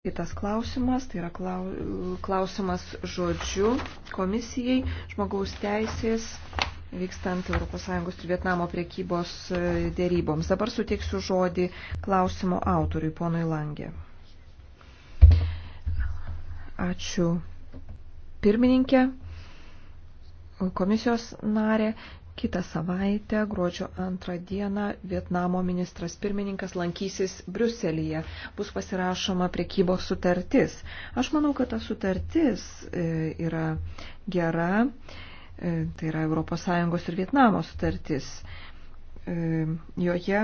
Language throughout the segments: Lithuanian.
Kitas klausimas, tai yra klausimas žodžiu komisijai žmogaus teisės vykstant ES ir Vietnamo priekybos e, dėryboms. Dabar suteiksiu žodį klausimo autoriui, ponui Langė. Ačiū pirmininkė, komisijos narė. Kitą savaitę, gruodžio antrą dieną, Vietnamo ministras pirmininkas lankysis Briuselyje. Bus pasirašoma priekybos sutartis. Aš manau, kad ta sutartis e, yra gera. E, tai yra ES ir Vietnamo sutartis. E, joje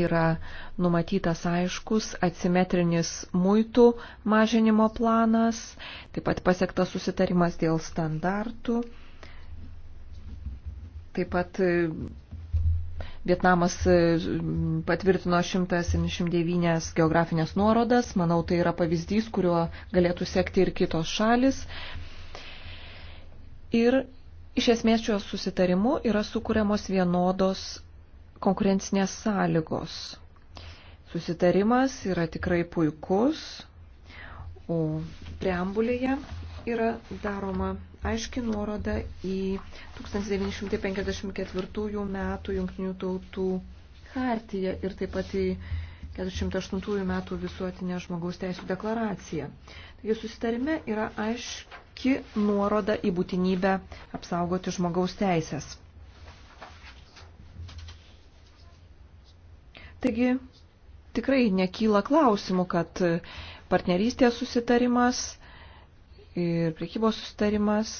yra numatytas aiškus atsimetrinis muitų mažinimo planas, taip pat pasiektas susitarimas dėl standartų Taip pat e, Vietnamas e, patvirtino 179 geografinės nuorodas. Manau, tai yra pavyzdys, kuriuo galėtų sekti ir kitos šalis. Ir iš esmės šiuo susitarimu yra sukūriamos vienodos konkurencinės sąlygos. Susitarimas yra tikrai puikus, o preambulėje yra daroma aiški nuoroda į 1954 metų Junktinių tautų hartiją ir taip pat į 48 metų visuotinę žmogaus teisų deklaraciją. Taigi susitarime yra aiški nuoroda į būtinybę apsaugoti žmogaus teisės. Taigi tikrai nekyla klausimų, kad partnerystės susitarimas ir priekybos sustarimas.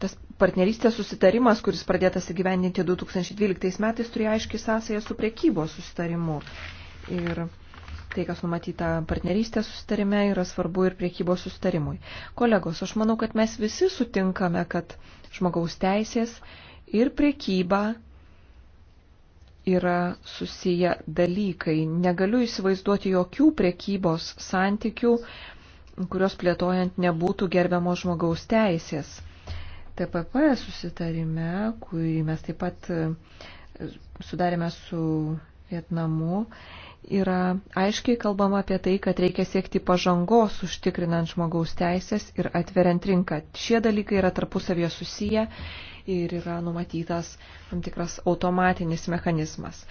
Tas partnerystės susitarimas, kuris pradėtas įgyvendinti 2012 metais, turėjo aiškiai sąsąją su priekybos sustarimu. Ir tai, kas numatyta partnerystės sustarime, yra svarbu ir priekybos sustarimui. Kolegos, aš manau, kad mes visi sutinkame, kad žmogaus teisės ir priekyba yra susiję dalykai. Negaliu įsivaizduoti jokių prekybos santykių, kurios plėtojant nebūtų gerbiamo žmogaus teisės. TPP susitarime, kurį mes taip pat e, sudarėme su Vietnamu, yra aiškiai kalbama apie tai, kad reikia siekti pažangos užtikrinant žmogaus teisės ir atveriant rinką. Šie dalykai yra tarpusavėje susiję ir yra numatytas tam tikras automatinis mechanizmas.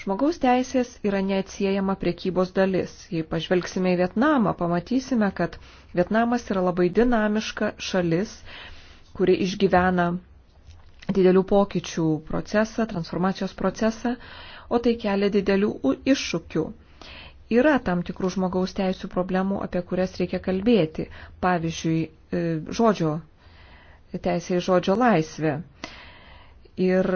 Žmogaus teisės yra neatsiejama priekybos dalis. Jei pažvelgsime į Vietnamą, pamatysime, kad Vietnamas yra labai dinamiška šalis, kuri išgyvena didelių pokyčių procesą, transformacijos procesą, o tai kelia didelių iššūkių. Yra tam tikrų žmogaus teisų problemų, apie kurias reikia kalbėti. Pavyzdžiui, e, žodžio teisė į žodžio laisvę. Ir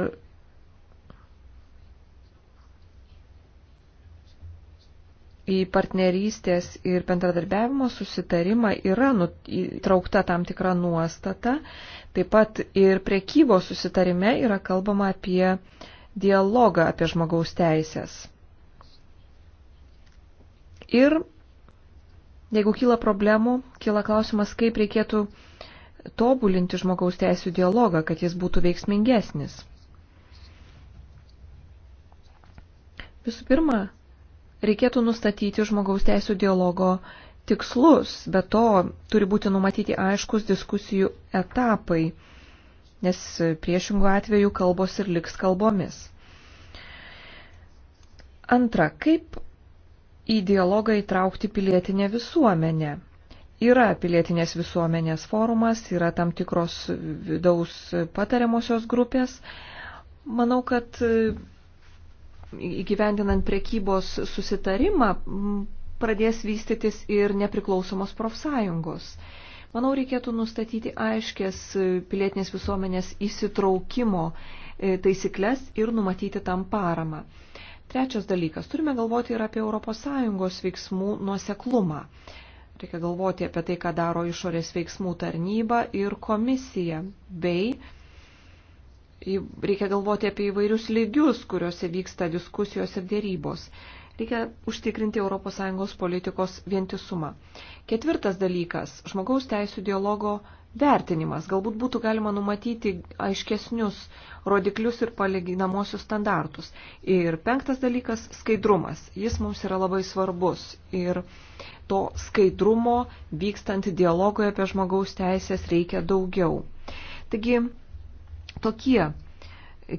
į partnerystės ir bendradarbiavimo susitarimą yra nu, įtraukta tam tikra nuostata. Taip pat ir priekybos susitarime yra kalbama apie dialogą apie žmogaus teisės. Ir jeigu kyla problemų, kyla klausimas, kaip reikėtų tobulinti žmogaus teisų dialogą, kad jis būtų veiksmingesnis. Visų pirma, reikėtų nustatyti žmogaus teisų dialogo tikslus, bet to turi būti numatyti aiškus diskusijų etapai, nes priešingų atveju kalbos ir liks kalbomis. Antra, kaip į dialogą įtraukti pilietinę visuomenę? Yra pilietinės visuomenės forumas, yra tam tikros vidaus patariamosios grupės. Manau, kad e, įgyvendinant prekybos susitarimą pradės vystytis ir nepriklausomos profsąjungos. Manau, reikėtų nustatyti aiškės e, pilietinės visuomenės įsitraukimo e, taisyklės ir numatyti tam paramą. Trečias dalykas. Turime galvoti ir apie ES veiksmų nuoseklumą. Reikia galvoti apie tai, ką daro išorės veiksmų tarnyba ir komisija, bei reikia galvoti apie įvairius lygius, kuriuose vyksta diskusijos ir dėrybos. Reikia užtikrinti ES politikos vientisumą. Ketvirtas dalykas - žmogaus teisų dialogo vertinimas. Galbūt būtų galima numatyti aiškesnius rodiklius ir palyginamosius standartus. Ir penktas dalykas - skaidrumas. Jis mums yra labai svarbus. Ir to skaidrumo vykstant dialogoje apie žmogaus teisės reikia daugiau. Taigi tokie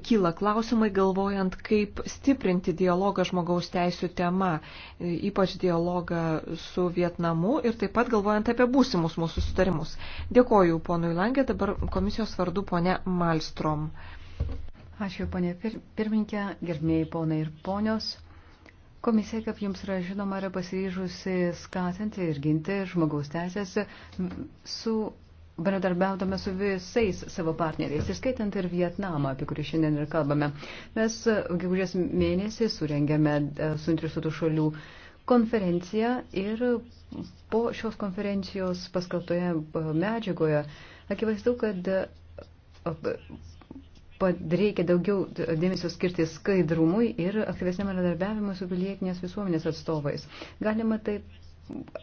kyla klausimai galvojant, kaip stiprinti dialogą žmogaus teisų tema, ypač dialogą su Vietnamu ir taip pat galvojant apie būsimus mūsų sutarimus. Dėkoju ponui Langė, dabar komisijos vardu ponė Malstrom. Ačiū ponė pirmininkė, gerbėjai ponai ir ponios. Komisija, kaip jums yra žinoma, yra pasiryžusi skatinti ir ginti žmogaus teisės su bendradarbiaudame su visais savo partneriais, įskaitant ir Vietnamą, apie kurį šiandien ir kalbame. Mes e, gegužės mėnesį surengėme e, suinteresuotų šalių konferenciją ir po šios konferencijos paskaltoje e, medžiagoje akivaizdu, kad reikia daugiau dėmesio skirti skaidrumui ir aktyvesniam bendradarbiavimui su pilietinės visuomenės atstovais. Galima taip,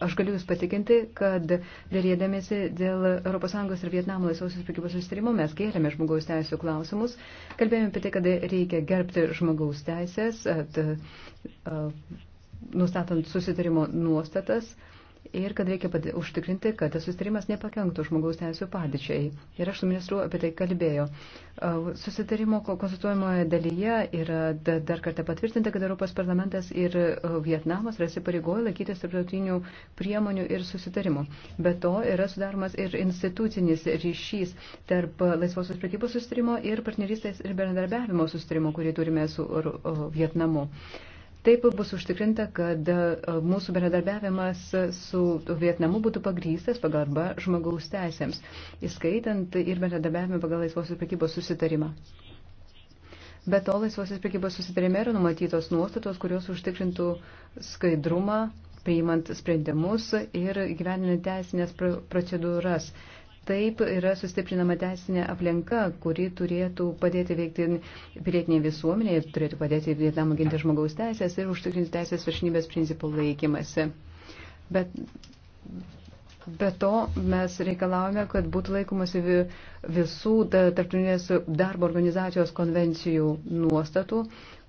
aš galiu Jūs patikinti, kad dėrėdamėsi dėl ES ir Vietnamo laisvosios prekybos sustarimo mes kėlėme žmogaus teisų klausimus, kalbėjome apie tai, kad reikia gerbti žmogaus teisės, at, at, nustatant susitarimo nuostatas. At, ir kad reikia padė, užtikrinti, kad tas susitarimas nepakenktų žmogaus teisų padėčiai. Ir aš su ministru apie tai kalbėjau. Susitarimo konsultuojamoje dalyje yra dar kartą patvirtinta, kad Europos parlamentas ir Vietnamas yra įsipareigoję laikytis tarptautinių priemonių ir susitarimų. Be to yra sudaromas ir institucinis ryšys tarp laisvosios prekybos susitarimo ir partnerystės ir bendradarbiavimo susitarimo, kurį turime su Vietnamu. Uh, Taip bus užtikrinta, kad e, mūsų bendradarbiavimas su Vietnamu būtų pagrystas pagarba žmogaus teisėms, įskaitant ir bendradarbiavimą pagal laisvosios prekybos susitarimą. Be to, laisvosios prekybos susitarime yra numatytos nuostatos, kurios užtikrintų skaidrumą, priimant sprendimus ir gyveninant teisinės procedūras. Taip yra sustiprinama teisinė aplinka, kuri turėtų padėti veikti pilietiniai visuomeniai, turėtų padėti Vietnamą ginti žmogaus teisės ir užtikrinti teisės viršinybės principų laikymasi. Bet be to mes reikalavome, kad būtų laikomasi visų tarptautinės darbo organizacijos konvencijų nuostatų,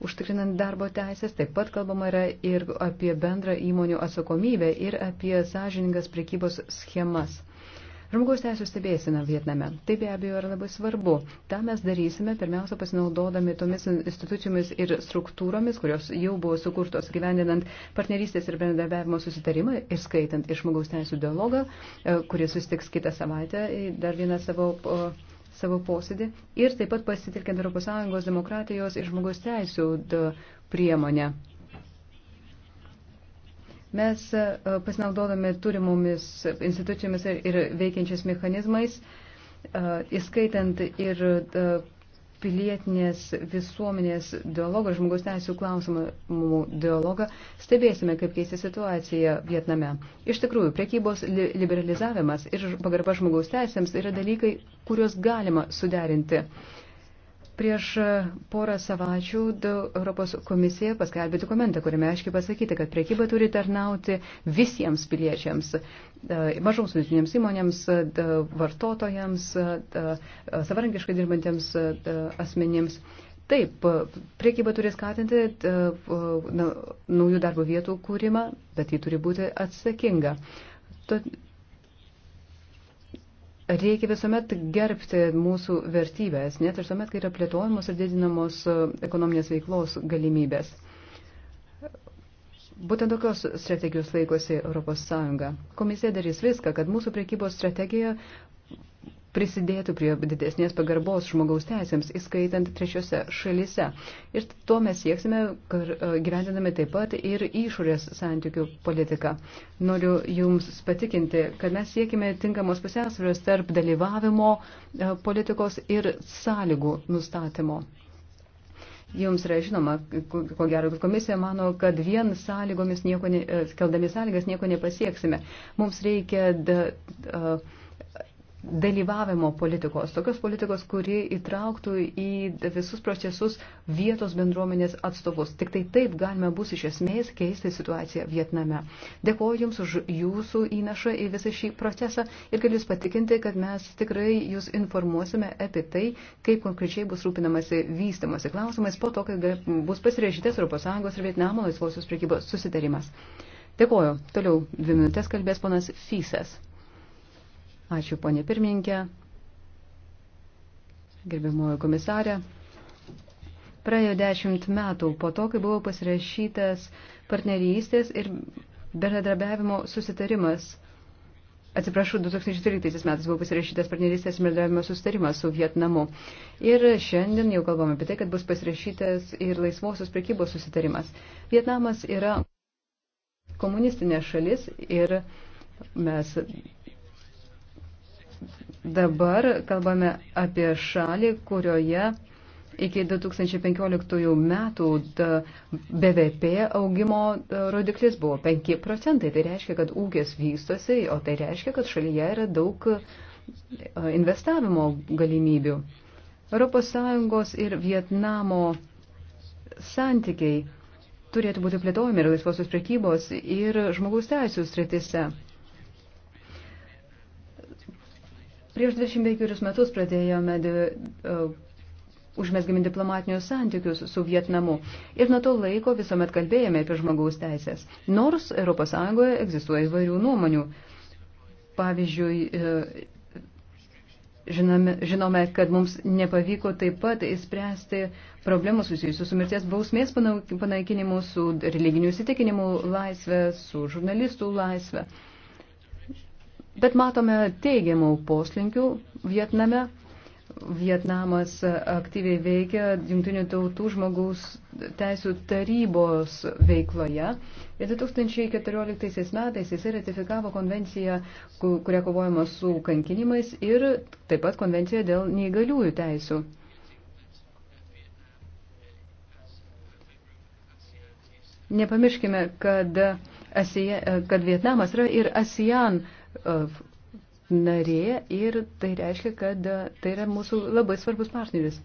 užtikrinant darbo teisės. Taip pat kalbama yra ir apie bendrą įmonių atsakomybę ir apie sąžiningas prekybos schemas. Žmogaus teisų stebėsina Vietname. Tai be abejo yra labai svarbu. Ta mes darysime pirmiausia pasinaudodami tomis institucijomis ir struktūromis, kurios jau buvo sukurtos gyvendinant partnerystės ir bendradarbiavimo susitarimą ir skaitant ir žmogaus teisų dialogą, e, kuris susitiks kitą savaitę dar vieną savo savo posėdį ir taip pat pasitelkiant ES demokratijos ir žmogaus teisų priemonę. Mes e, pasinaudodami turimomis institucijomis ir veikiančiais mechanizmais, e, įskaitant ir e, pilietinės visuomenės dialogą, žmogus teisų klausimų dialogą, stebėsime, kaip keisti situacija Vietname. Iš tikrųjų, priekybos liberalizavimas ir pagarba žmogaus teisėms yra dalykai, kuriuos galima suderinti. Prieš e, porą savaičių Europos komisija paskelbė dokumentą, kuriame aiškiai pasakyti, kad priekyba turi tarnauti visiems piliečiams, e, mažoms vidutinėms įmonėms, e, vartotojams, savarankiškai dirbantiems asmenims. Taip, priekyba turi skatinti naujų darbo vietų kūrimą, bet ji turi būti atsakinga. Reikia visuomet gerbti mūsų vertybės, net ir tuomet, kai yra plėtojamos ir didinamos e, ekonominės veiklos galimybės. Būtent tokios strategijos laikosi ES. Komisija darys viską, kad mūsų priekybos strategija prisidėtų prie didesnės pagarbos žmogaus teisėms, įskaitant trečiose šalyse. Ir to mes sieksime e, gyvendinami taip pat ir išorės santykių politiką. Noriu Jums patikinti, kad mes siekime tinkamos pusiausvėros tarp dalyvavimo e, politikos ir sąlygų nustatymo. Jums yra žinoma, ko gero, kad komisija mano, kad vien sąlygomis nieko, ne, e, keldami sąlygas nieko nepasieksime. Mums reikia da, da, dalyvavimo politikos, tokios politikos, kuri įtrauktų į visus procesus vietos bendruomenės atstovus. Tik tai taip galime bus iš esmės keisti situaciją Vietname. Dėkuoju Jums už Jūsų įnašą į visą šį procesą ir galiu Jūs patikinti, kad mes tikrai Jūs informuosime apie tai, kaip konkrečiai bus rūpinamasi vystamasi klausimais po to, kai bus pasirašytas ES ir Vietnamo laisvosios prekybos susitarimas. Dėkuoju. Toliau dvi minutės kalbės ponas Fysas. Ačiū, ponė pirmininkė, gerbiamojo komisarė. Praėjo dešimt metų po to, kai buvo pasirašytas partnerystės ir bendradarbiavimo susitarimas. Atsiprašau, 2013 metais buvo pasirašytas partnerystės ir bendradarbiavimo susitarimas su Vietnamu. Ir šiandien jau kalbame apie tai, kad bus pasirašytas ir laisvosios prekybos susitarimas. Vietnamas yra komunistinė šalis ir mes Dabar kalbame apie šalį, kurioje iki 2015 metų BVP augimo rodiklis buvo 5 procentai. Tai reiškia, kad ūkės vystosi, o tai reiškia, kad šalyje yra daug investavimo galimybių. ES ir Vietnamo santykiai turėtų būti plėtojami ir laisvosios prekybos ir žmogaus teisų stritise. Prieš 25 metus pradėjome uh, e, užmesgami diplomatinius santykius su Vietnamu ir nuo to laiko visuomet kalbėjome apie žmogaus teisės, nors ES egzistuoja įvairių nuomonių. Pavyzdžiui, e, žinome, žinome, kad mums nepavyko taip pat įspręsti problemų susijusių su mirties bausmės panaikinimu, su religinių įsitikinimu laisvė, su žurnalistų laisvė. Uh, Bet matome teigiamų poslinkių Vietname. Vietnamas aktyviai veikia Junktinių tautų žmogaus teisų tarybos veikloje. Ir 2014 metais jisai ratifikavo konvenciją, kuria kovojama su kankinimais ir taip pat konvenciją dėl neįgaliųjų teisų. Nepamirškime, kad, kad Vietnamas yra ir ASEAN E, narė ir tai reiškia, kad e, tai yra mūsų labai svarbus partneris.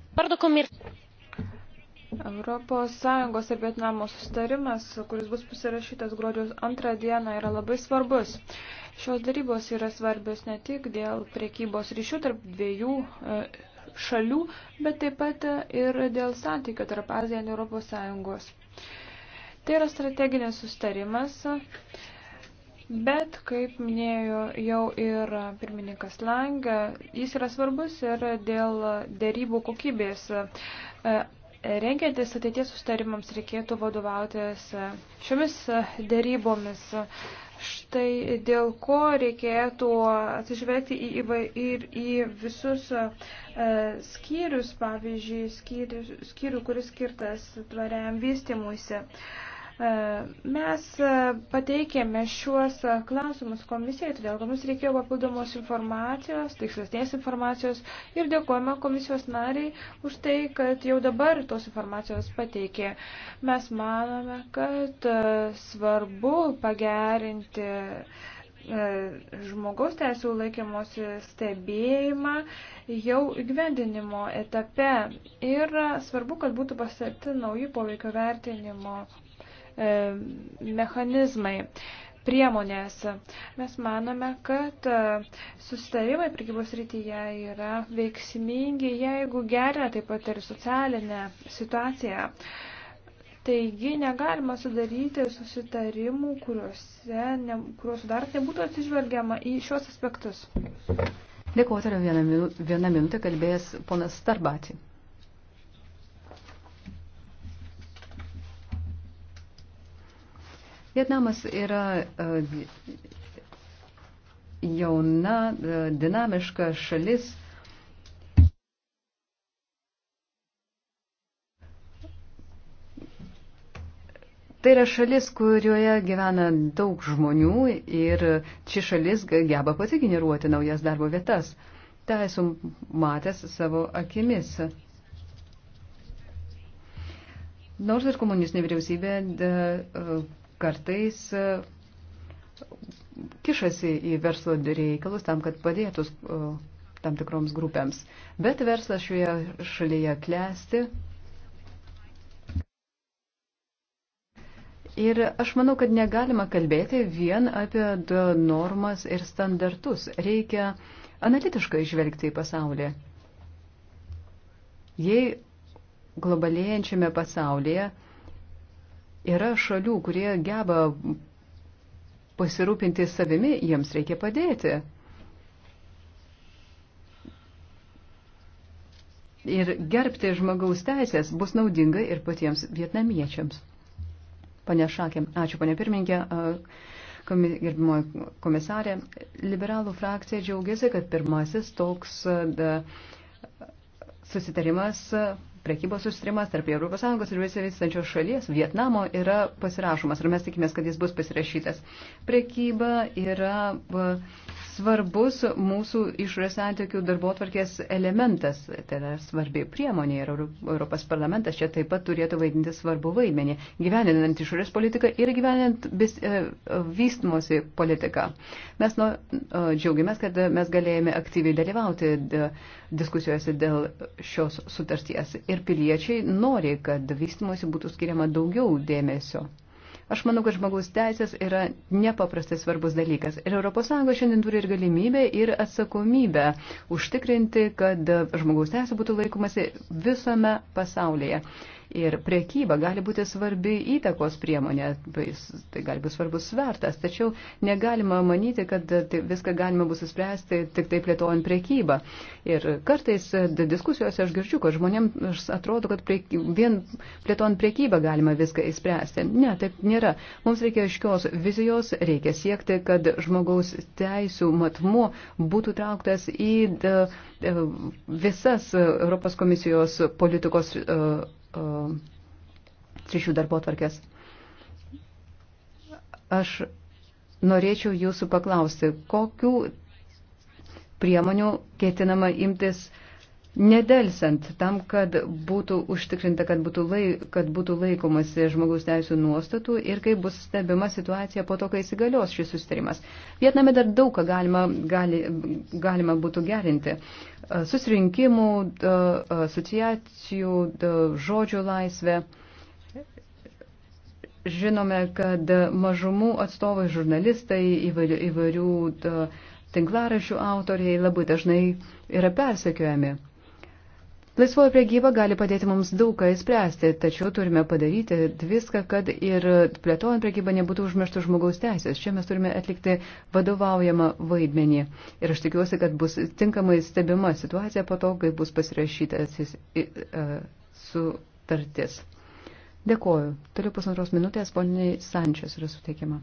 Europos Sąjungos ir Vietnamo sustarimas, kuris bus pasirašytas gruodžio antrą dieną, yra labai svarbus. Šios darybos yra svarbios ne tik dėl priekybos ryšių tarp dviejų e, šalių, bet taip pat ir dėl santykių tarp Aziją ir Europos Sąjungos. Tai yra strateginis sustarimas Bet, kaip minėjo jau ir pirmininkas Langė, jis yra svarbus ir dėl dėrybų kokybės. E, rengiantis ateities sustarimams reikėtų vadovautis šiomis dėrybomis. Štai dėl ko reikėtų atsižvelgti į, į, ir į visus e, skyrius, pavyzdžiui, skyrių, skyrių, kuris skirtas tvariam vystimuisi. E, E, mes e, pateikėme šiuos klausimus komisijai, todėl mums reikėjo papildomos informacijos, tikslesnės informacijos ir dėkojame komisijos nariai už tai, kad jau dabar tos informacijos pateikė. Mes manome, kad e, svarbu pagerinti žmogaus teisų laikymosi stebėjimą jau įgyvendinimo etape ir svarbu, kad būtų pasiekti nauji poveikio vertinimo E, mechanizmai priemonės. Mes manome, kad e, susitarimai prekybos rytyje yra veiksmingi, jeigu gerina taip pat ir socialinę situaciją. Taigi negalima sudaryti susitarimų, kuriuose, ne, kuriuos sudarant nebūtų atsižvelgiama į šios aspektus. Dėkuoju, vieną minutę kalbėjęs ponas Starbatį. Vietnamas yra e, jauna, e, dinamiška šalis. Tai yra šalis, kurioje gyvena daug žmonių ir ši šalis geba pati generuoti naujas darbo vietas. Ta esu matęs savo akimis. Nors ir komunistinė vyriausybė e, kartais e, kišasi į verslo reikalus tam, kad padėtų e, tam tikroms grupėms. Bet verslas šioje šalyje klesti. Ir aš manau, kad negalima kalbėti vien apie normas ir standartus. Reikia analitiškai žvelgti į pasaulį. Jei globalėjančiame pasaulyje Yra šalių, kurie geba pasirūpinti savimi, jiems reikia padėti. Ir gerbti žmogaus teisės bus naudinga ir patiems vietnamiečiams. Pane Šakė, ačiū, pane pirmininkė, gerbimoji komisarė. Liberalų frakcija džiaugiasi, kad pirmasis toks susitarimas prekybos sustrimas tarp ES ir besivystančios šalies Vietnamo yra pasirašomas ir mes tikimės, kad jis bus pasirašytas. Prekyba yra. Uh, svarbus mūsų išorės santykių darbotvarkės elementas, tai yra svarbi priemonė ir Europos parlamentas čia taip pat turėtų vaidinti svarbu vaidmenį, gyveninant išorės politiką ir gyveninant bis, e, vystimosi politiką. Mes nu, džiaugiamės, kad mes galėjome aktyviai dalyvauti e, diskusijose dėl šios sutarties ir piliečiai nori, kad vystimosi būtų skiriama daugiau dėmesio. Aš manau, kad žmogaus teisės yra nepaprastai svarbus dalykas. Ir ES šiandien turi ir galimybę, ir atsakomybę užtikrinti, kad žmogaus teisė būtų laikomasi visame pasaulyje. Ir priekyba gali būti svarbi įtakos priemonė, tai, tai gali būti svarbus svertas, tačiau negalima manyti, kad tai viską galima bus įspręsti tik taip plėtojant priekybą. Ir kartais diskusijose aš girdžiu, kad žmonėms atrodo, kad prie, vien plėtojant priekybą galima viską įspręsti. Ne, taip nėra. Mums reikia aiškios vizijos, reikia siekti, kad žmogaus teisų matmuo būtų trauktas į e, visas Europos komisijos politikos e, trišių e, darbo tvarkės. Aš norėčiau jūsų paklausti, kokiu priemonių ketinama imtis uh, nedelsant tam, kad būtų užtikrinta, kad būtų, lai, kad būtų laikomasi žmogaus teisų nuostatų ir kaip bus stebima situacija po to, kai įsigalios šis sustarimas. Vietname dar daug ką galima, gali, galima būtų gerinti. Susirinkimų, asociacijų, žodžių laisvė. Žinome, kad mažumų atstovai, žurnalistai, įvairių, įvairių tinklarašių autoriai labai dažnai yra persekiojami. Laisvoji priekyba gali padėti mums daugą įspręsti, tačiau turime padaryti viską, kad ir plėtojant priekybą nebūtų užmirštų žmogaus teisės. Čia mes turime atlikti vadovaujamą vaidmenį. Ir aš tikiuosi, kad bus tinkamai stebima situacija po to, kai bus pasirašytas sutartis. Dėkoju. Toliau pusantros minutės poniai Sančios yra suteikiama.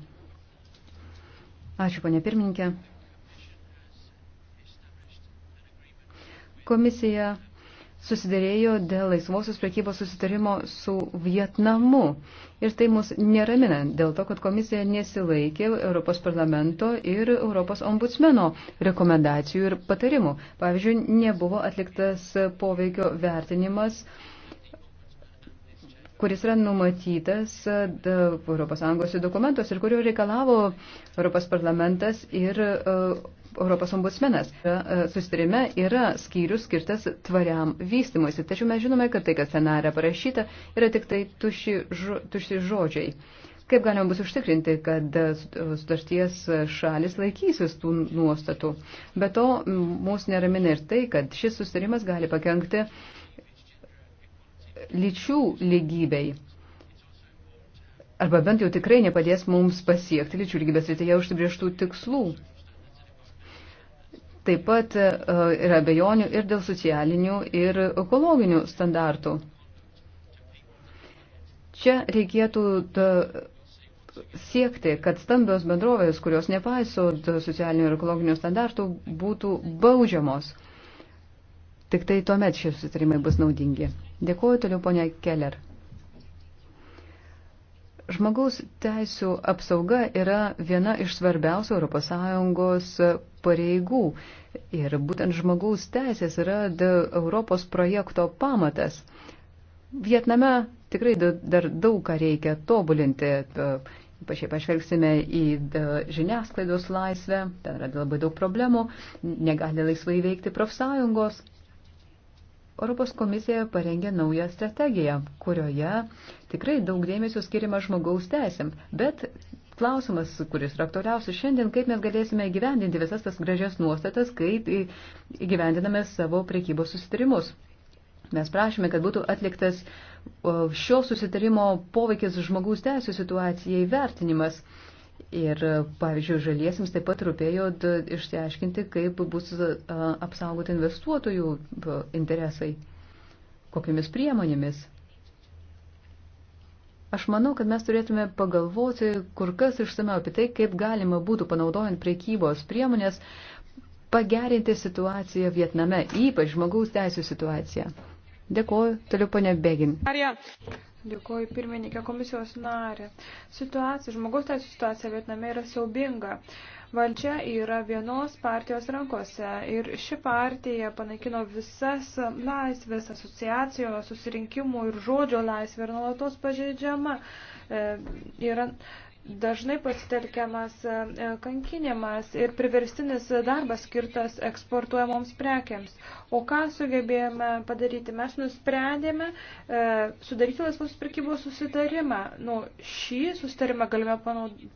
Ačiū, ponė pirmininkė. Komisija susidėrėjo dėl laisvosios priekybos susitarimo su Vietnamu. Ir tai mus neramina dėl to, kad komisija nesilaikė Europos parlamento ir Europos ombudsmeno rekomendacijų ir patarimų. Pavyzdžiui, nebuvo atliktas poveikio vertinimas uh, kuris yra numatytas ES dokumentos ir kurio reikalavo Europos parlamentas ir e, Europos ombudsmenas. E, e, susitarime yra skyrius skirtas tvariam vystimuisi, tačiau mes žinome, kad tai, kas ten yra parašyta, yra tik tai tuši, tuši žodžiai. Kaip galima bus užtikrinti, kad sutarties šalis laikysis tų nuostatų? Be to, mūsų neramina ir tai, kad šis sustarimas gali pakengti lyčių lygybei. Arba bent jau tikrai nepadės mums pasiekti lyčių lygybės rytėje užsibrieštų tikslų. Taip pat yra e, abejonių ir dėl socialinių, ir ekologinių standartų. Čia reikėtų e, siekti, kad stambios bendrovės, kurios nepaiso socialinių ir ekologinių standartų, būtų baudžiamos. Tik tai tuomet šie susitarimai bus naudingi. Dėkuoju toliau ponia Keller. Žmogaus teisų apsauga yra viena iš svarbiausių ES pareigų. Ir būtent žmogaus teisės yra Europos projekto pamatas. Vietname tikrai dar daug ką reikia tobulinti. E, ypač jei pažvelgsime į e, žiniasklaidos laisvę, ten yra labai daug problemų, negali laisvai veikti profsąjungos. Europos komisija parengė naują strategiją, kurioje tikrai daug dėmesio skiriama žmogaus teisėm, bet klausimas, kuris yra aktualiausias šiandien, kaip mes galėsime įgyvendinti visas tas gražias nuostatas, kaip įgyvendiname savo priekybos susitarimus. Mes prašome, kad būtų atliktas šio susitarimo poveikis žmogaus teisų situacijai vertinimas. Ir, pavyzdžiui, žaliesiams taip pat rūpėjo išsiaiškinti, kaip bus apsaugoti investuotojų interesai, kokiamis priemonėmis. Aš manau, kad mes turėtume pagalvoti kur kas išsameu apie tai, kaip galima būtų panaudojant priekybos priemonės pagerinti situaciją Vietname, ypač žmogaus teisų situaciją. Dėkuoju, toliau ponia Begin. Dėkuoju pirmininkė komisijos narė. Situacija, žmogus teisų situacija Vietname yra siaubinga. Valdžia yra vienos partijos rankose ir ši partija panaikino visas laisvės, asociacijos, susirinkimų ir žodžio laisvę ir nuolatos pažeidžiama. E, yra, e, dažnai pasitelkiamas e, kankinimas ir priverstinis darbas skirtas eksportuojamoms prekiams. O ką sugebėjome padaryti? Mes nusprendėme e, sudaryti laisvos prekybos susitarimą. Nu, šį susitarimą galime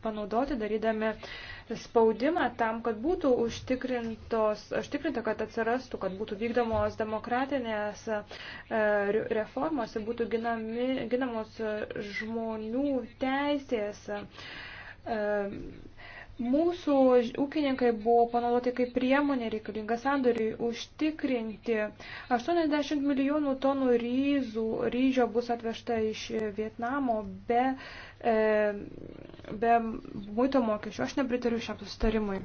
panaudoti darydami uh, spaudimą tam, kad būtų užtikrinta, kad atsirastų, kad būtų vykdomos demokratinės e, reformos ir būtų ginami, ginamos žmonių teisės. E, mūsų ūkininkai buvo panaudoti kaip priemonė reikalinga sandoriui užtikrinti. 80 milijonų tonų ryzų, ryžio bus atvežta iš Vietnamo be e, be muito mokesčių. Aš nepritariu šiam sustarimui.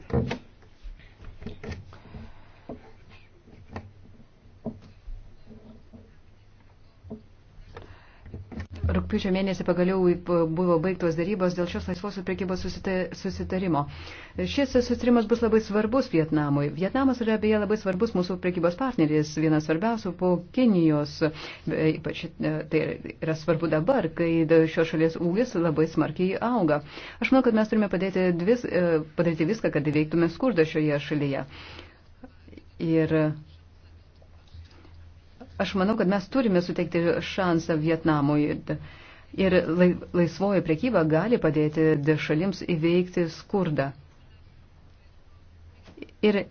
rūpiučio mėnesį pagaliau buvo baigtos darybos dėl šios laisvos priekybos susitarimo. Šis susitarimas bus labai svarbus Vietnamui. Vietnamas yra beje labai svarbus mūsų priekybos partneris, vienas svarbiausių po Kinijos. Ypač e, tai yra svarbu dabar, kai šios šalies ūgis labai smarkiai auga. Aš manau, kad mes turime padėti vis, e, padaryti viską, kad įveiktume skurdą šioje šalyje. Ir Aš manau, kad mes turime suteikti šansą Vietnamui. Ir laisvoji prekyba gali padėti šalims įveikti skurdą. Ir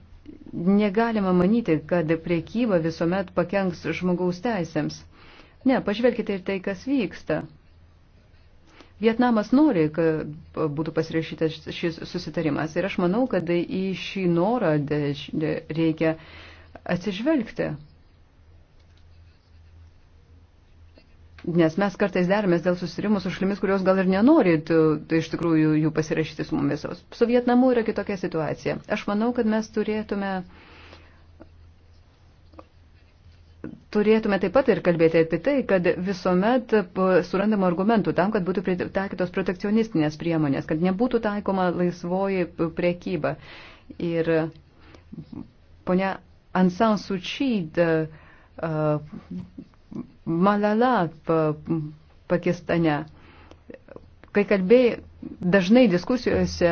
negalima manyti, kad priekyba visuomet pakenks žmogaus teisėms. Ne, pažvelkite ir tai, kas vyksta. Vietnamas nori, kad būtų pasirašytas šis susitarimas ir aš manau, kad į šį norą reikia atsižvelgti. Nes mes kartais deramės dėl susirimų su šalimis, kurios gal ir nenori tai iš tikrųjų jų pasirašyti su mumis. Su Vietnamu yra kitokia situacija. Aš manau, kad mes turėtume, turėtume taip pat ir kalbėti apie tai, kad visuomet surandama argumentų tam, kad būtų taikytos protekcionistinės priemonės, kad nebūtų taikoma laisvoji priekyba. Ir ponia Ansan Sučyd. Uh, Malala Pakistane. Kai kalbėjai, dažnai diskusijose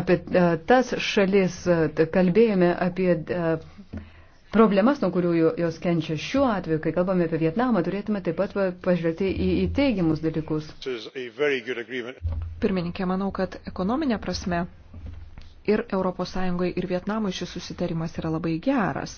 apie e, tas šalis e, kalbėjome apie e, problemas, nuo kurių jos kenčia šiuo atveju, kai kalbame apie Vietnamą, turėtume taip pat pažvelgti į, į teigiamus dalykus. Pirmininkė, manau, kad ekonominė prasme ir ES ir Vietnamui šis susitarimas yra labai geras,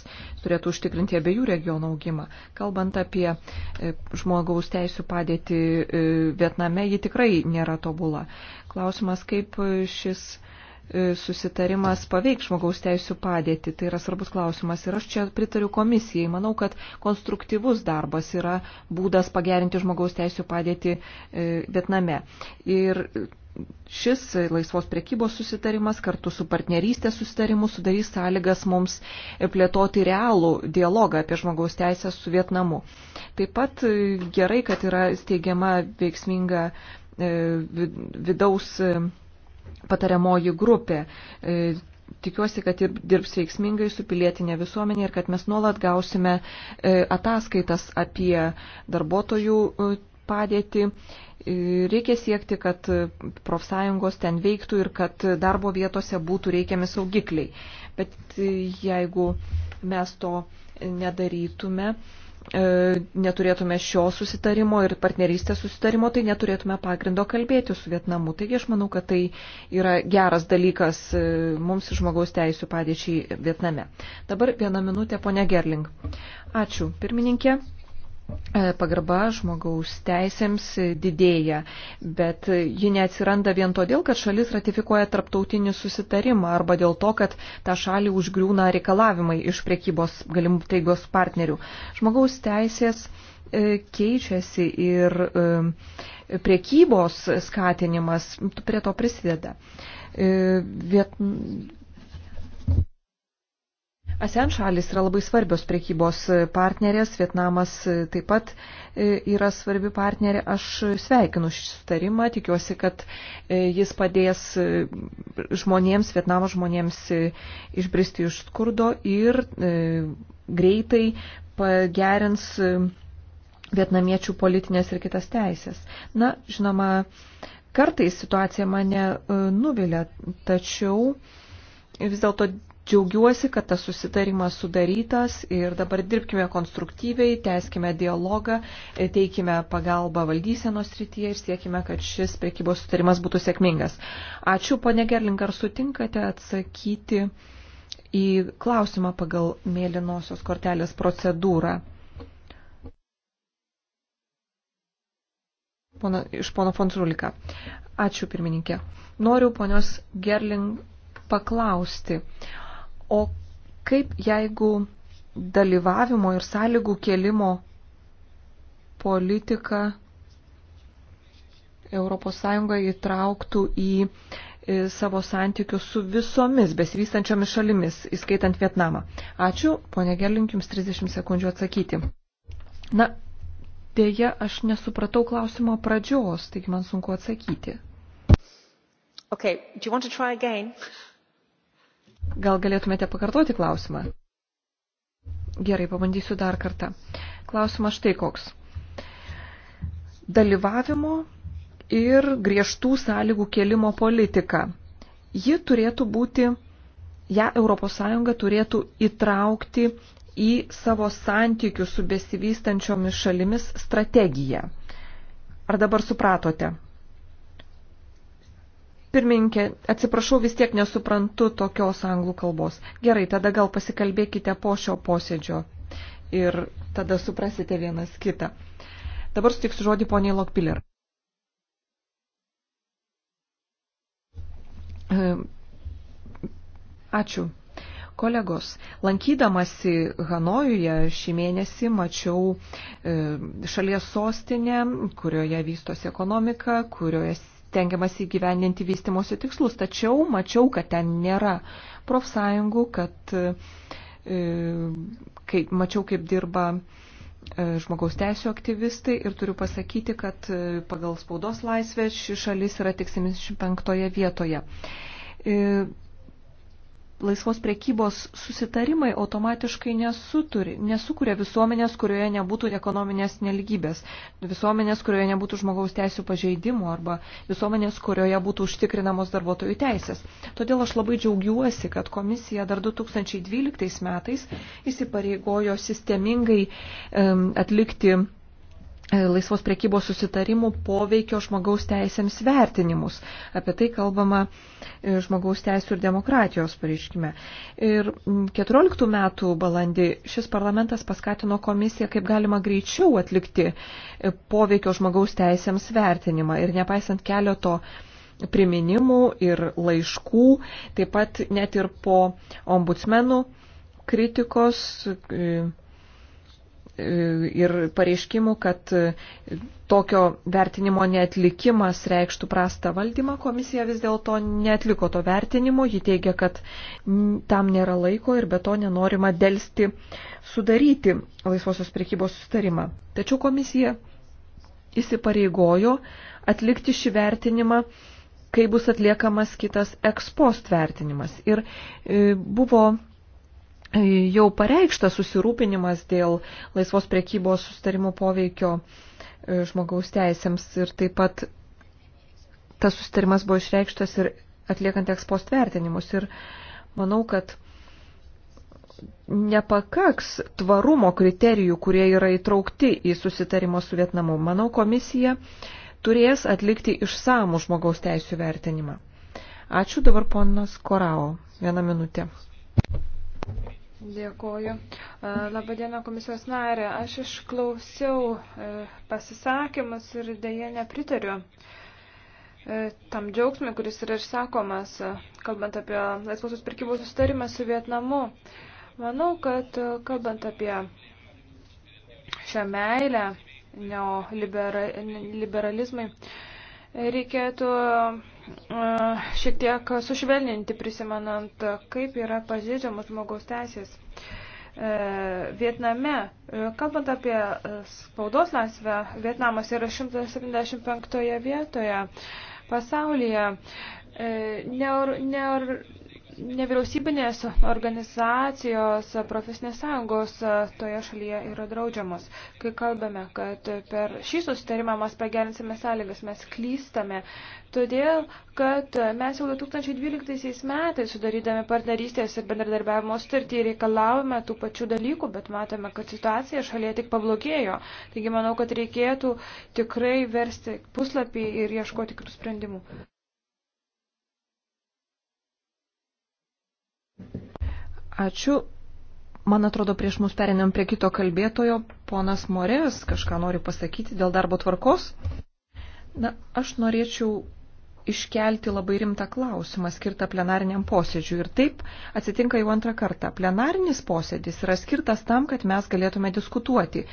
turėtų užtikrinti abiejų regionų augimą. Kalbant apie e, žmogaus teisų padėtį e, Vietname, ji tikrai nėra tobula. Klausimas, kaip šis e, susitarimas paveik žmogaus teisų padėtį. Tai yra svarbus klausimas. Ir aš čia pritariu komisijai. Manau, kad konstruktyvus darbas yra būdas pagerinti žmogaus teisų padėtį Vietname. Ir šis laisvos priekybos susitarimas kartu su partnerystės susitarimu sudarys sąlygas mums plėtoti realų dialogą apie žmogaus teisės su Vietnamu. Taip pat e, gerai, kad yra steigiama veiksminga e, vidaus e, patariamoji grupė. Tikiuosi, kad ir dirbs veiksmingai su pilietinė visuomenė ir kad mes nuolat gausime ataskaitas apie darbuotojų padėtį. Reikia siekti, kad profsąjungos ten veiktų ir kad darbo vietose būtų reikiami saugikliai. Bet jeigu mes to nedarytume, e, neturėtume šio susitarimo ir partnerystės susitarimo, tai neturėtume pagrindo kalbėti su Vietnamu. Taigi aš manau, kad tai yra geras dalykas e, mums žmogaus teisų padėčiai Vietname. Dabar vieną minutę, ponia Gerling. Ačiū, pirmininkė. E, pagarba žmogaus teisėms didėja, bet ji neatsiranda vien todėl, kad šalis ratifikuoja tarptautinį susitarimą arba dėl to, kad tą šalį užgriūna reikalavimai iš priekybos galimų teigos partnerių. Žmogaus teisės e, keičiasi ir e, priekybos skatinimas prie to prisideda. Viet, ASEAN šalis yra labai svarbios priekybos partnerės, Vietnamas e, taip pat e, yra svarbi partnerė. Aš sveikinu šį sutarimą, tikiuosi, kad e, jis padės žmonėms, Vietnamo žmonėms išbristi iš skurdo ir greitai pagerins vietnamiečių politinės ir kitas teisės. Na, žinoma, kartais situacija mane nuvilia, tačiau vis dėlto Džiaugiuosi, kad tas susitarimas sudarytas ir dabar dirbkime konstruktyviai, tęskime dialogą, e, teikime pagalbą valdysenos rytyje ir siekime, kad šis priekybos sutarimas būtų sėkmingas. Ačiū, ponė Gerling, ar sutinkate atsakyti į klausimą pagal mėlynosios kortelės procedūrą? Pono, iš pono Fonzulika. Ačiū, pirmininkė. Noriu ponios Gerling paklausti, O kaip jeigu dalyvavimo ir sąlygų kėlimo politika ES įtrauktų į savo santykius su visomis besivystančiomis šalimis, įskaitant Vietnamą. Ačiū, ponė Gerlink, jums 30 sekundžių atsakyti. Na, dėja, aš nesupratau klausimo pradžios, taigi man sunku atsakyti. Okay, do you want to try again? Gal galėtumėte pakartoti klausimą? Gerai, pabandysiu dar kartą. Klausimas štai koks. Dalyvavimo ir griežtų sąlygų kėlimo politika. Ji turėtų būti, ją ES turėtų įtraukti į savo santykių su besivystančiomis šalimis strategiją. Ar dabar supratote? Pirminkė, atsiprašau, vis tiek nesuprantu tokios anglų kalbos. Gerai, tada gal pasikalbėkite po šio posėdžio ir tada suprasite vienas kitą. Dabar sutiksiu žodį poniai Lokpiller. Ehm, ačiū. Kolegos, lankydamasi Hanojuje šį mėnesį mačiau ehm, šalies sostinę, kurioje vystosi ekonomika, kurioje tengiamas įgyvendinti vystimosi tikslus, tačiau mačiau, kad ten nėra profsąjungų, kad e, kaip, mačiau, kaip dirba e, žmogaus teisų aktyvistai ir turiu pasakyti, kad e, pagal spaudos laisvę ši šalis yra tik 75 vietoje laisvos priekybos susitarimai automatiškai nesuturi, nesukuria visuomenės, kurioje nebūtų ekonominės neligybės, visuomenės, kurioje nebūtų žmogaus teisų pažeidimų arba visuomenės, kurioje būtų užtikrinamos darbuotojų teisės. Todėl aš labai džiaugiuosi, kad komisija dar 2012 metais įsipareigojo sistemingai um, atlikti E, laisvos priekybos susitarimų poveikio žmogaus teisėms vertinimus. Apie tai kalbama e, žmogaus teisų ir demokratijos pareiškime. Ir 14 metų balandį šis parlamentas paskatino komisiją, kaip galima greičiau atlikti e, poveikio žmogaus teisėms vertinimą. Ir nepaisant keleto priminimų ir laiškų, taip pat net ir po ombudsmenų kritikos ir pareiškimų, kad tokio vertinimo netlikimas reikštų prastą valdymą, komisija vis dėlto netliko to vertinimo, ji teigia, kad tam nėra laiko ir be to nenorima dėlsti sudaryti laisvosios priekybos sustarimą. Tačiau komisija įsipareigojo atlikti šį vertinimą kai bus atliekamas kitas ekspost vertinimas. Ir e, buvo jau pareikštas susirūpinimas dėl laisvos priekybos sustarimų poveikio e, žmogaus teisėms ir taip pat tas sustarimas buvo išreikštas ir atliekant ekspost vertinimus. Ir manau, kad nepakaks tvarumo kriterijų, kurie yra įtraukti į susitarimo su Vietnamu. Manau, komisija turės atlikti išsamų žmogaus teisų vertinimą. Ačiū dabar ponas Korao. Vieną minutę. Dėkoju. Labadiena komisijos narė. Aš išklausiau e, pasisakymus ir dėje nepritariu e, tam džiaugsmui, kuris yra išsakomas, e, kalbant apie laisvosios pirkybos sustarimą su Vietnamu. Manau, kad kalbant apie šią meilę neoliberalizmai, reikėtų šiek tiek sušvelninti prisimenant, kaip yra pažeidžiamas žmogaus teisės. E, Vietname, e, kalbant apie spaudos laisvę, Vietnamas yra 175 vietoje pasaulyje. E, neur, neur, Nevyriausybinės organizacijos, profesinės sąjungos toje šalyje yra draudžiamos. Kai kalbame, kad per šį susitarimą mes pagerinsime sąlygas, mes klystame, todėl, kad mes jau 2012 metais sudarydami partnerystės ir bendradarbiavimo sutartį reikalavome tų pačių dalykų, bet matome, kad situacija šalyje tik pablogėjo. Taigi manau, kad reikėtų tikrai versti puslapį ir ieškoti kitų sprendimų. Ačiū. Man atrodo, prieš mus perinam prie kito kalbėtojo. Ponas Morės kažką nori pasakyti dėl darbo tvarkos. Na, aš norėčiau iškelti labai rimtą klausimą skirtą plenariniam posėdžiui. Ir taip atsitinka jau antrą kartą. Plenarinis posėdis yra skirtas tam, kad mes galėtume diskutuoti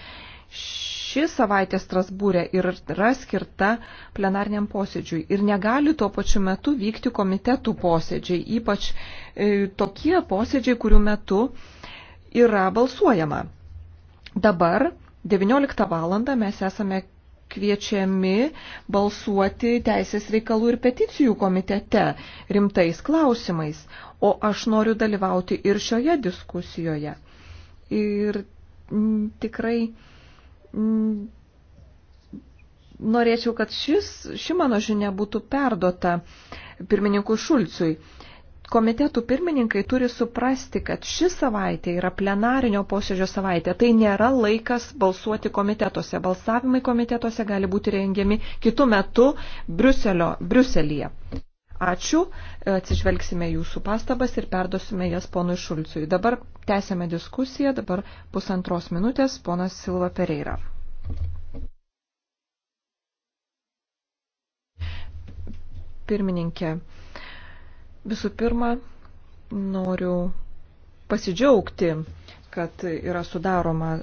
ši savaitė Strasbūrė ir yra skirta plenarniam posėdžiui. Ir negali tuo pačiu metu vykti komitetų posėdžiai, ypač e, tokie posėdžiai, kurių metu yra balsuojama. Dabar 19 val. mes esame kviečiami balsuoti Teisės reikalų ir peticijų komitete rimtais klausimais, o aš noriu dalyvauti ir šioje diskusijoje. Ir tikrai Mm, norėčiau, kad šis, ši mano žinia būtų perdota pirmininkui Šulcui. Komitetų pirmininkai turi suprasti, kad ši savaitė yra plenarinio posėdžio savaitė. Tai nėra laikas balsuoti komitetuose. Balsavimai komitetuose gali būti rengiami kitų metų Briuselio, Briuselyje. Ačiū, atsižvelgsime jūsų pastabas ir perdosime jas ponui Šulcui. Dabar tęsėme diskusiją, dabar pusantros minutės ponas Silva Pereira. Pirmininkė, visų pirma, noriu pasidžiaugti, kad yra sudaroma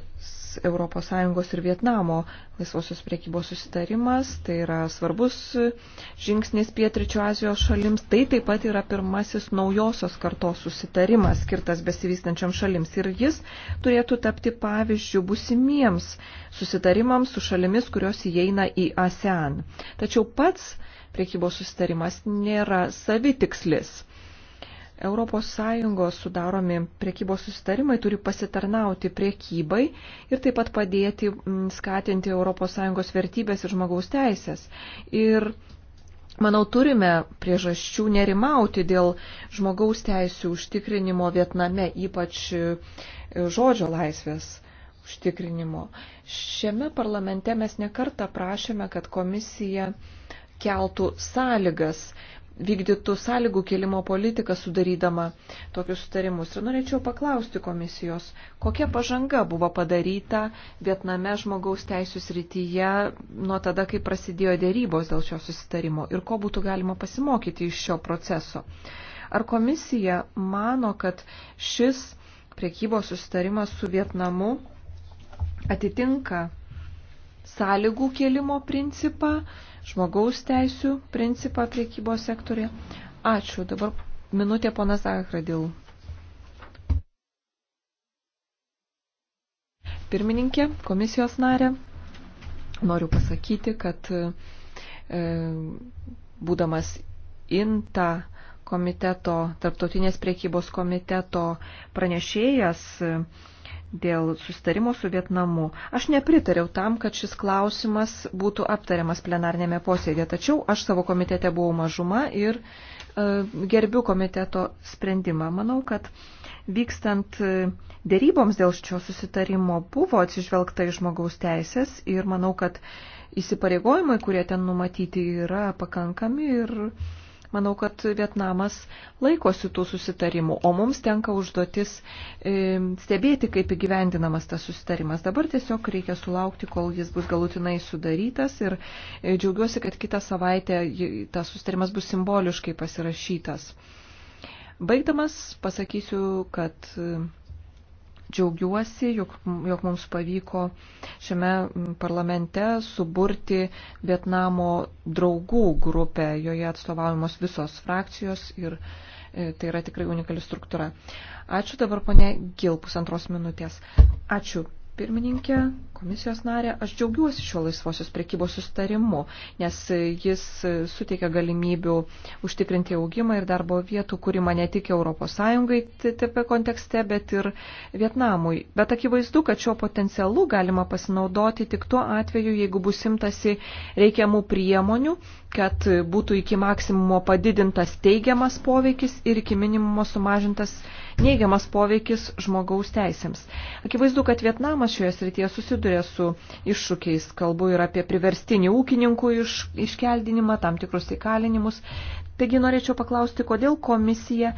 ES ir Vietnamo laisvosios priekybos susitarimas. Tai yra svarbus žingsnis Pietričio Azijos šalims. Tai taip pat yra pirmasis naujosios kartos susitarimas skirtas besivystančiam šalims. Ir jis turėtų tapti pavyzdžių busimiems susitarimams su šalimis, kurios įeina į ASEAN. Tačiau pats priekybos susitarimas nėra savitikslis. ES sudaromi priekybos susitarimai turi pasitarnauti priekybai ir taip pat padėti mm, skatinti ES vertybės ir žmogaus teisės. Ir manau, turime priežasčių nerimauti dėl žmogaus teisų užtikrinimo Vietname, ypač e, žodžio laisvės užtikrinimo. Šiame parlamente mes nekartą prašėme, kad komisija keltų sąlygas vykdytų sąlygų kelimo politiką sudarydama tokius sutarimus. Ir norėčiau paklausti komisijos, kokia pažanga buvo padaryta Vietname žmogaus teisų srityje nuo tada, kai prasidėjo dėrybos dėl šio susitarimo ir ko būtų galima pasimokyti iš šio proceso. Ar komisija mano, kad šis priekybos susitarimas su Vietnamu atitinka sąlygų kelimo principą, žmogaus teisų principą priekybos sektorė. Ačiū. Dabar minutė ponas Akradil. Pirmininkė, komisijos narė, noriu pasakyti, kad e, būdamas INTA komiteto, tarptautinės priekybos komiteto pranešėjas, e, dėl sustarimo su Vietnamu. Aš nepritariau tam, kad šis klausimas būtų aptariamas plenarnėme posėdė, tačiau aš savo komitete buvau mažuma ir e, gerbiu komiteto sprendimą. Manau, kad vykstant e, dėryboms dėl šio susitarimo buvo atsižvelgta į žmogaus teisės ir manau, kad įsipareigojimai, kurie ten numatyti, yra pakankami ir Manau, kad Vietnamas laikosi tų susitarimų, o mums tenka užduotis e, stebėti, kaip įgyvendinamas tas susitarimas. Dabar tiesiog reikia sulaukti, kol jis bus galutinai sudarytas ir e, džiaugiuosi, kad kitą savaitę tas susitarimas bus simboliškai pasirašytas. Baigdamas pasakysiu, kad. E, Džiaugiuosi, jog, jog mums pavyko šiame parlamente suburti Vietnamo draugų grupę, joje atstovaujamos visos frakcijos ir e, tai yra tikrai unikali struktūra. Ačiū dabar, ponė Gil, pusantros minutės. Ačiū, pirmininkė, komisijos narė, aš džiaugiuosi šiuo laisvosios prekybos sustarimu, nes jis suteikia galimybių užtikrinti augimą ir darbo vietų kūrimą ne tik ES TTP kontekste, bet ir Vietnamui. Bet akivaizdu, kad šio potencialu galima pasinaudoti tik tuo atveju, jeigu bus imtasi reikiamų priemonių, kad būtų iki maksimumo padidintas teigiamas poveikis ir iki minimumo sumažintas neigiamas poveikis žmogaus teisėms. Akivaizdu, kad Vietnamas šioje srityje susiduria su iššūkiais. Kalbu ir apie priverstinį ūkininkų iš, iškeldinimą, tam tikrus įkalinimus. Taigi norėčiau paklausti, kodėl komisija,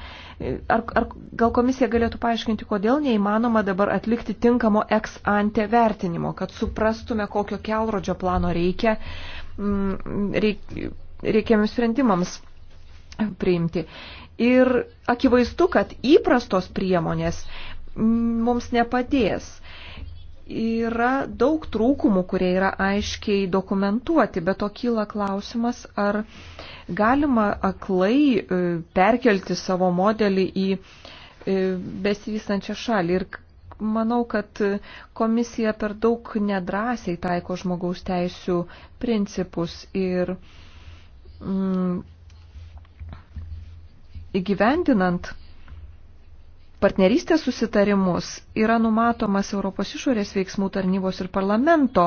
ar, ar gal komisija galėtų paaiškinti, kodėl neįmanoma dabar atlikti tinkamo ex ante vertinimo, kad suprastume, kokio kelrodžio plano reikia, mm, reik, reikiamiams sprendimams priimti. Ir akivaizdu, kad įprastos priemonės mums nepadės. Yra daug trūkumų, kurie yra aiškiai dokumentuoti, bet to kyla klausimas, ar galima aklai e, perkelti savo modelį į e, besivystančią šalį. Ir manau, kad komisija per daug nedrąsiai taiko žmogaus teisų principus ir mm, įgyvendinant partnerystės susitarimus yra numatomas Europos išorės veiksmų tarnybos ir parlamento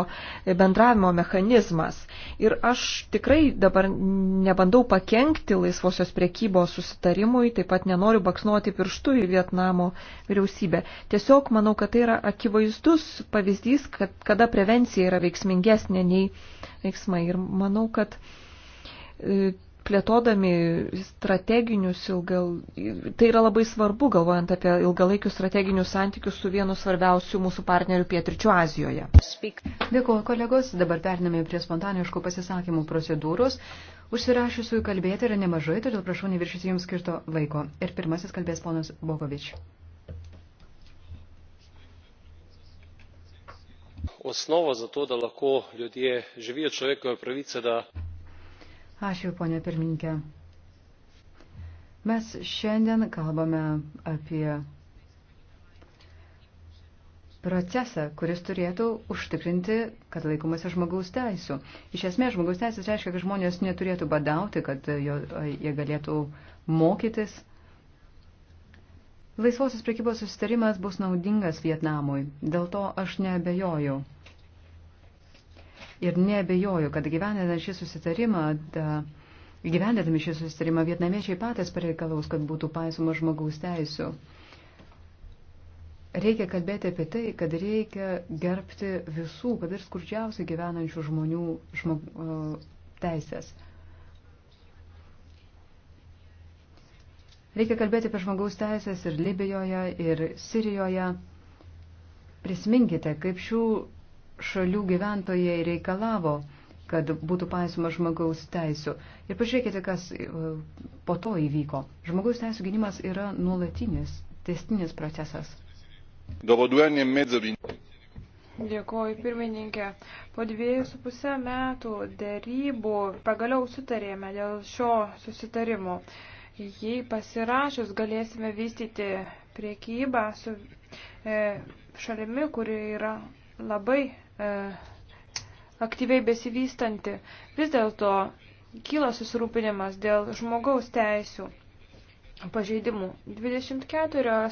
bendravimo mechanizmas. Ir aš tikrai dabar nebandau pakengti laisvosios priekybos susitarimui, taip pat nenoriu baksnuoti pirštų į Vietnamo vyriausybę. Tiesiog manau, kad tai yra akivaizdus pavyzdys, kad kada prevencija yra veiksmingesnė nei veiksmai. Ir manau, kad e, plėtodami strateginius ilgal... Tai yra labai svarbu, galvojant apie ilgalaikius strateginius santykius su vienu svarbiausių mūsų partnerių Pietričių Azijoje. Dėkuoju, kolegos. Dabar pername prie spontaniškų pasisakymų procedūros. Užsirašysiu kalbėti yra nemažai, todėl prašau neviršyti jums skirto laiko. Ir pirmasis kalbės ponas Bogovič. Osnova za to, da lahko ljudje živijo človekove pravice, da Ačiū, ponė pirmininkė. Mes šiandien kalbame apie procesą, kuris turėtų užtikrinti, kad laikomasi žmogaus teisų. Iš esmės, žmogaus teisės reiškia, kad žmonės neturėtų badauti, kad jo, jie galėtų mokytis. Laisvosios prekybos susitarimas bus naudingas Vietnamui, dėl to aš neabejoju. Ir nebejoju, kad gyvenėdami šį susitarimą, gyvenėdami šį susitarimą, vietnamiečiai patys pareikalaus, kad būtų paisoma žmogaus teisų. Reikia kalbėti apie tai, kad reikia gerbti visų, kad ir skurdžiausiai gyvenančių žmonių žmog, teisės. Reikia kalbėti apie žmogaus teisės ir Libijoje, ir Sirijoje. Prisiminkite, kaip šių šalių gyventojai reikalavo, kad būtų paisoma žmogaus teisų. Ir pažiūrėkite, kas e, po to įvyko. Žmogaus teisų gynimas yra nuolatinis, testinis procesas. Dėkuoju, pirmininkė. Po dviejų su pusę metų dėrybų pagaliau sutarėme dėl šio susitarimo. Jei pasirašus galėsime vystyti priekybą su e, šalimi, kuri yra labai E, aktyviai besivystanti. Vis dėlto kyla susirūpinimas dėl žmogaus teisių pažeidimų. 24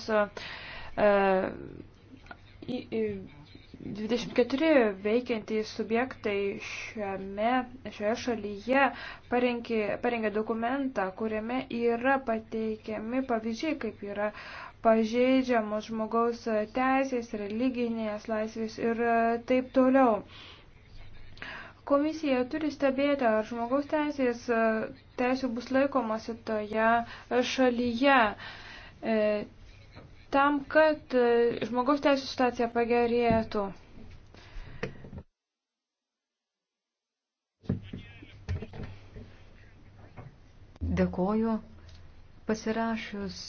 24 e, veikiantys subjektai šiame, šioje šalyje parengė, parengė dokumentą, kuriame yra pateikiami pavyzdžiai, kaip yra pažeidžiamos žmogaus teisės, religinės laisvės ir taip toliau. Komisija turi stebėti, ar žmogaus teisės teisų bus laikomasi toje šalyje e, tam, kad e, žmogaus teisų situacija pagerėtų. Dėkoju. Pasirašius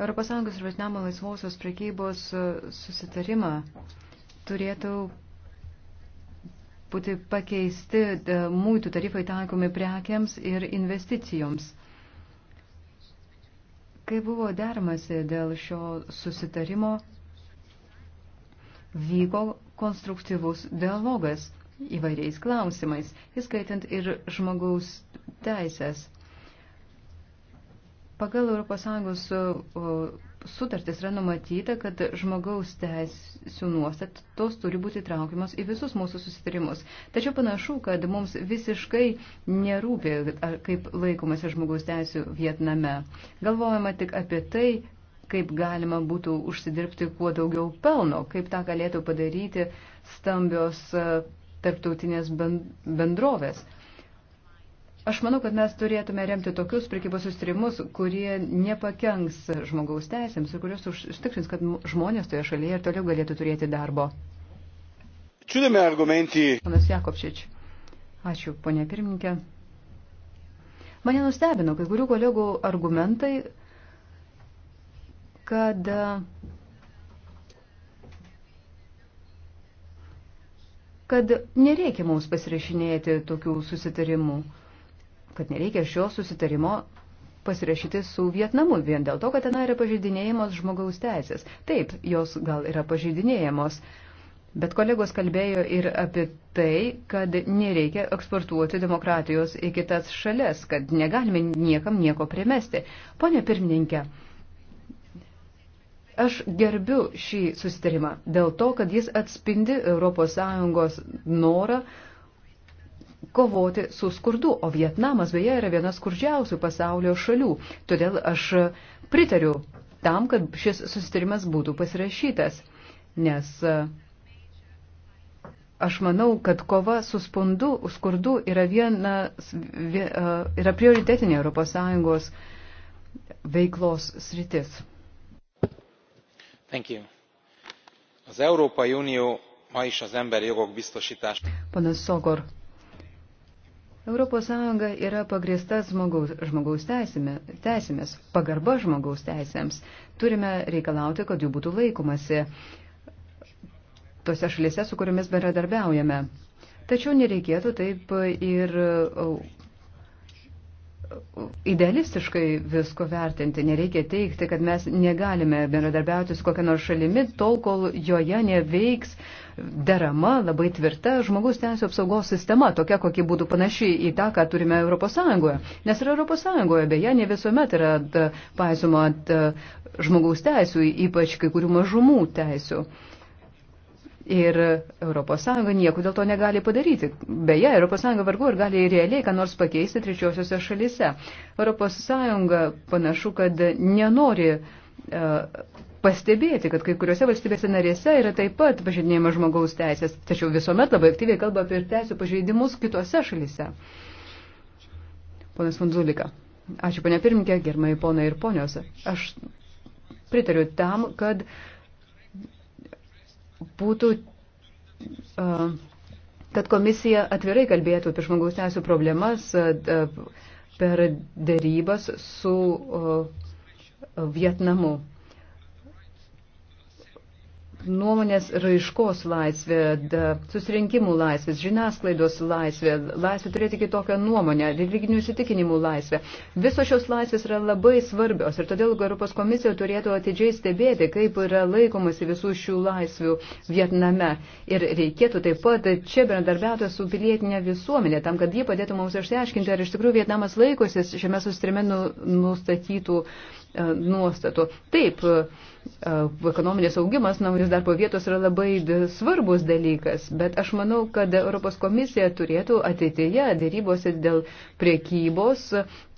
ES ir Vietnamo laisvosios prekybos e, susitarimą turėtų būti pakeisti e, mūtų tarifai taikomi prekiams ir investicijoms. Kai buvo dermasi dėl šio susitarimo, vyko konstruktyvus dialogas įvairiais klausimais, įskaitant ir žmogaus teisės. Pagal ES sutartis yra numatyta, kad žmogaus teisų nuostatos turi būti traukiamas į visus mūsų susitarimus. Tačiau panašu, kad mums visiškai nerūpi, kaip laikomasi žmogaus teisų Vietname. Galvojama tik apie tai, kaip galima būtų užsidirbti kuo daugiau pelno, kaip tą galėtų padaryti stambios tarptautinės bendrovės. Aš manau, kad mes turėtume remti tokius prekybos sustarimus, kurie nepakenks žmogaus teisėms ir kurios užtikrins, kad žmonės toje šalyje ir toliau galėtų turėti darbo. Čudami argumentai. Panas Jakobčič. Ačiū, ponė pirmininkė. Mane nustebino, kai kurių kolegų argumentai, kad kad nereikia mums pasirašinėti tokių susitarimų kad nereikia šio susitarimo pasirašyti su Vietnamu vien dėl to, kad ten yra pažydinėjamos žmogaus teisės. Taip, jos gal yra pažydinėjamos, bet kolegos kalbėjo ir apie tai, kad nereikia eksportuoti demokratijos į kitas šalias, kad negalime niekam nieko primesti. Pone pirmininkė, aš gerbiu šį susitarimą dėl to, kad jis atspindi ES norą kovoti su skurdu, o Vietnamas beje yra vienas skurdžiausių pasaulio šalių. Todėl aš pritariu tam, kad šis susitarimas būtų pasirašytas, nes e, aš manau, kad kova su spundu, skurdu yra, viena, e, yra prioritetinė ES veiklos sritis. Thank you. Az Európai Unió ma is az emberi jogok biztosítására. ES yra pagrįsta žmogaus, žmogaus teisėmis, pagarba žmogaus teisėms. Turime reikalauti, kad jų būtų laikomasi tose šalyse, su kuriomis bendradarbiaujame. Tačiau nereikėtų taip ir idealistiškai visko vertinti. Nereikia teikti, kad mes negalime bendradarbiauti su kokia nors šalimi, tol kol joje neveiks derama, labai tvirta žmogus teisų apsaugos sistema, tokia kokia būtų panaši į tą, ką turime ES. Nes ir ES beje ne visuomet yra e, paisoma e, žmogaus teisų, ypač kai kurių mažumų teisų. Ir ES nieko dėl to negali padaryti. Beje, ES vargu ir gali realiai ką nors pakeisti trečiosiuose šalise. ES panašu, kad nenori uh, pastebėti, kad kai kuriuose valstybėse narėse yra taip pat pažeidinėjama žmogaus teisės, tačiau visuomet labai aktyviai kalba apie teisų pažeidimus kitose šalyse. Ponas Funzulika. Ačiū, ponia pirmininkė, germai ponai ir ponios. Aš pritariu tam, kad uh, būtų, kad komisija atvirai kalbėtų apie žmogaus teisų problemas per dėrybas su Vietnamu nuomonės raiškos laisvė, susirinkimų laisvės, žiniasklaidos laisvė, laisvė turėti kitokią nuomonę, religinių įsitikinimų laisvė. Visos šios laisvės yra labai svarbios ir todėl Europos komisija turėtų atidžiai stebėti, kaip yra laikomasi visų šių laisvių Vietname. Ir reikėtų taip pat čia bendarbiauti su pilietinė visuomenė, tam, kad ji padėtų mums išsiaiškinti, ar iš tikrųjų Vietnamas laikosi šiame sustrime nu, nustatytų E, nuostatų. Taip, e, ekonominės augimas, naujus darbo vietos yra labai svarbus dalykas, bet aš manau, kad Europos komisija turėtų ateityje dėrybose dėl priekybos,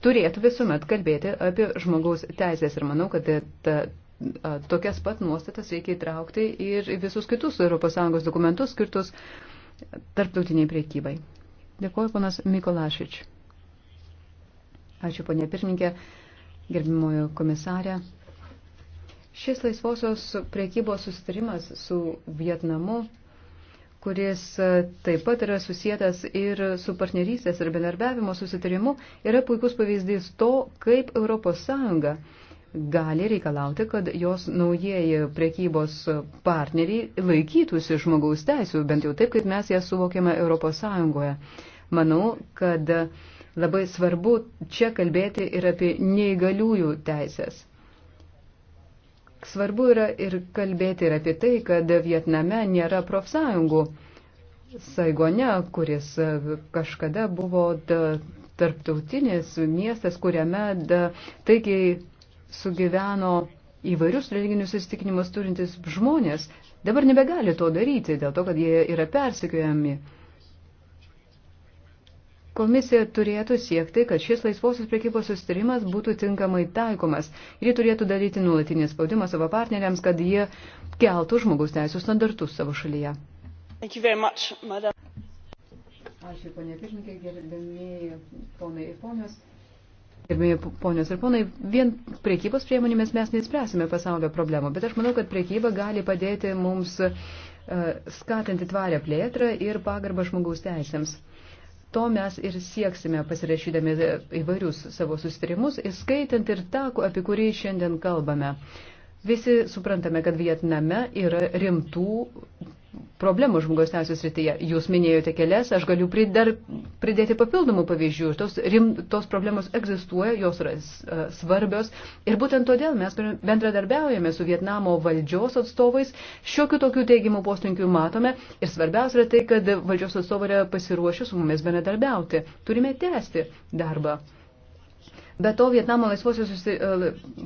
turėtų visuomet kalbėti apie žmogaus teisės ir manau, kad ta, tokias pat nuostatas reikia įtraukti ir visus kitus ES dokumentus skirtus tarptautiniai priekybai. Dėkuoju, ponas Mikolašič. Ačiū, ponė pirmininkė gerbimojo komisarė. Šis laisvosios priekybos sustarimas su Vietnamu, kuris e, taip pat yra susijęs ir su partnerystės ir bendarbiavimo susitarimu, yra puikus pavyzdys to, kaip ES gali reikalauti, kad jos naujieji priekybos partneriai laikytųsi žmogaus teisų, bent jau taip, kaip mes jas suvokiame ES. Manau, kad uh, Labai svarbu čia kalbėti ir apie neįgaliųjų teisės. Svarbu yra ir kalbėti ir apie tai, kad Vietname nėra profsąjungų. Saigone, kuris kažkada buvo tarptautinis miestas, kuriame taikiai sugyveno įvairius religinius įstikinimus turintis žmonės, dabar nebegali to daryti dėl to, kad jie yra persekiojami. Komisija turėtų siekti, kad šis laisvosios priekybos sustarimas būtų tinkamai taikomas ir ji turėtų daryti nuolatinį spaudimą savo partneriams, kad jie keltų žmogaus teisų standartus savo šalyje. Much, madam. Ačiū, ponė Pirmininkė, gerbėmėjai ponai ir ponios. Gerbėjai ponios ir ponai, vien priekybos priemonėmis mes nespręsime pasaulio problemų, bet aš manau, kad priekyba gali padėti mums uh, skatinti tvarę plėtrą ir pagarbą žmogaus teisėms. Uh, To mes ir sieksime pasirašydami įvairius savo sustarimus, įskaitant ir tą, apie kurį šiandien kalbame. Visi suprantame, kad Vietname yra rimtų problemų žmogaus teisės srityje. Jūs minėjote kelias, aš galiu prid, dar pridėti papildomų pavyzdžių. Tos, rim, tos problemos egzistuoja, jos yra svarbios ir būtent todėl mes bendradarbiaujame su Vietnamo valdžios atstovais. Šiokių tokių teigiamų poslinkių matome ir svarbiausia yra tai, kad valdžios atstovai yra pasiruošę su mumis bendradarbiauti. Turime tęsti darbą. Be to, Vietnamo laisvosios susi,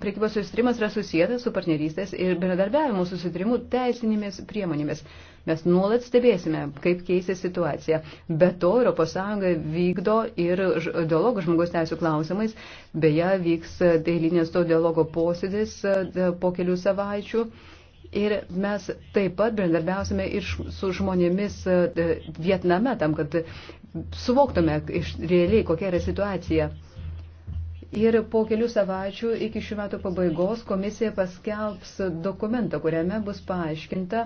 priekybos susitrimas yra susijęs su partnerystės ir bendradarbiavimo susitrimu teisinėmis priemonėmis. Mes nuolat stebėsime, kaip keisė situacija. Be to, ES vykdo ir dialogų žmogus teisų klausimais. Beje, vyks eilinės to dialogo posėdis e, po kelių savaičių. Ir mes taip pat bendradarbiausime ir su žmonėmis e, Vietname, tam, kad suvoktume iš realiai, kokia yra situacija. Ir po kelių savaičių iki šių metų pabaigos komisija paskelbs dokumentą, kuriame bus paaiškinta,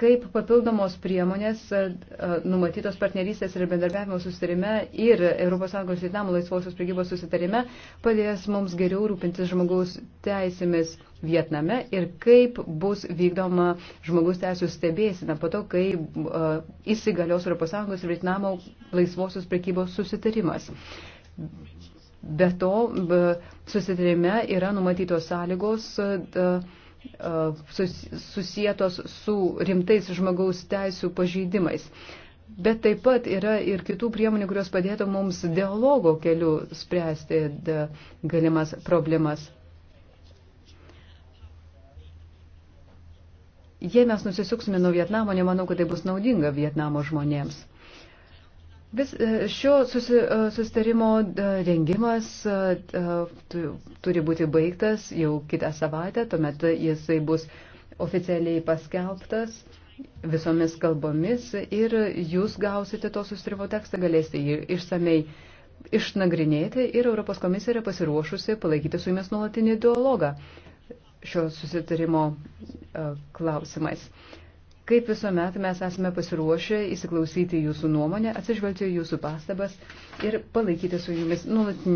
kaip papildomos priemonės numatytos partnerystės ir bendarbiavimo susitarime ir ES Vietnamo laisvosios priegybos susitarime padės mums geriau rūpintis žmogaus teisėmis Vietname ir kaip bus vykdoma žmogaus teisų stebėsina po to, kai uh, įsigalios ES ir Vietnamo laisvosios priekybos susitarimas. Be to, susitarime yra numatytos sąlygos. Uh, E, susijėtos su rimtais žmogaus teisų pažeidimais. Bet taip pat yra ir kitų priemonių, kurios padėtų mums dialogo keliu spręsti galimas problemas. Jei mes nusisuksime nuo Vietnamo, nemanau, kad tai bus naudinga Vietnamo žmonėms. Vis e, šio susi, e, susitarimo e, rengimas turi būti baigtas jau kitą savaitę, tuomet jisai bus oficialiai paskelbtas visomis kalbomis ir jūs gausite to susitarimo tekstą, galėsite jį išsamei išnagrinėti ir Europos komisija yra pasiruošusi palaikyti su jumis nuolatinį dialogą šio susitarimo klausimais. Kaip visuomet mes esame pasiruošę įsiklausyti jūsų nuomonę, atsižvelgti jūsų pastabas ir palaikyti su jumis nuolatinį.